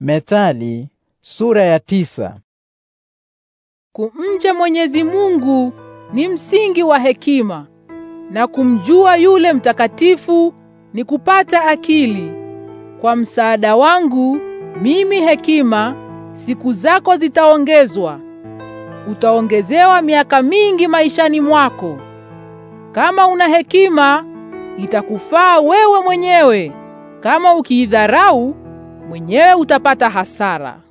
Methali sura ya tisa. Kumcha Mwenyezi Mungu ni msingi wa hekima na kumjua yule mtakatifu ni kupata akili. Kwa msaada wangu mimi hekima, siku zako zitaongezwa, utaongezewa miaka mingi maishani mwako. Kama una hekima itakufaa wewe mwenyewe, kama ukiidharau mwenyewe utapata hasara.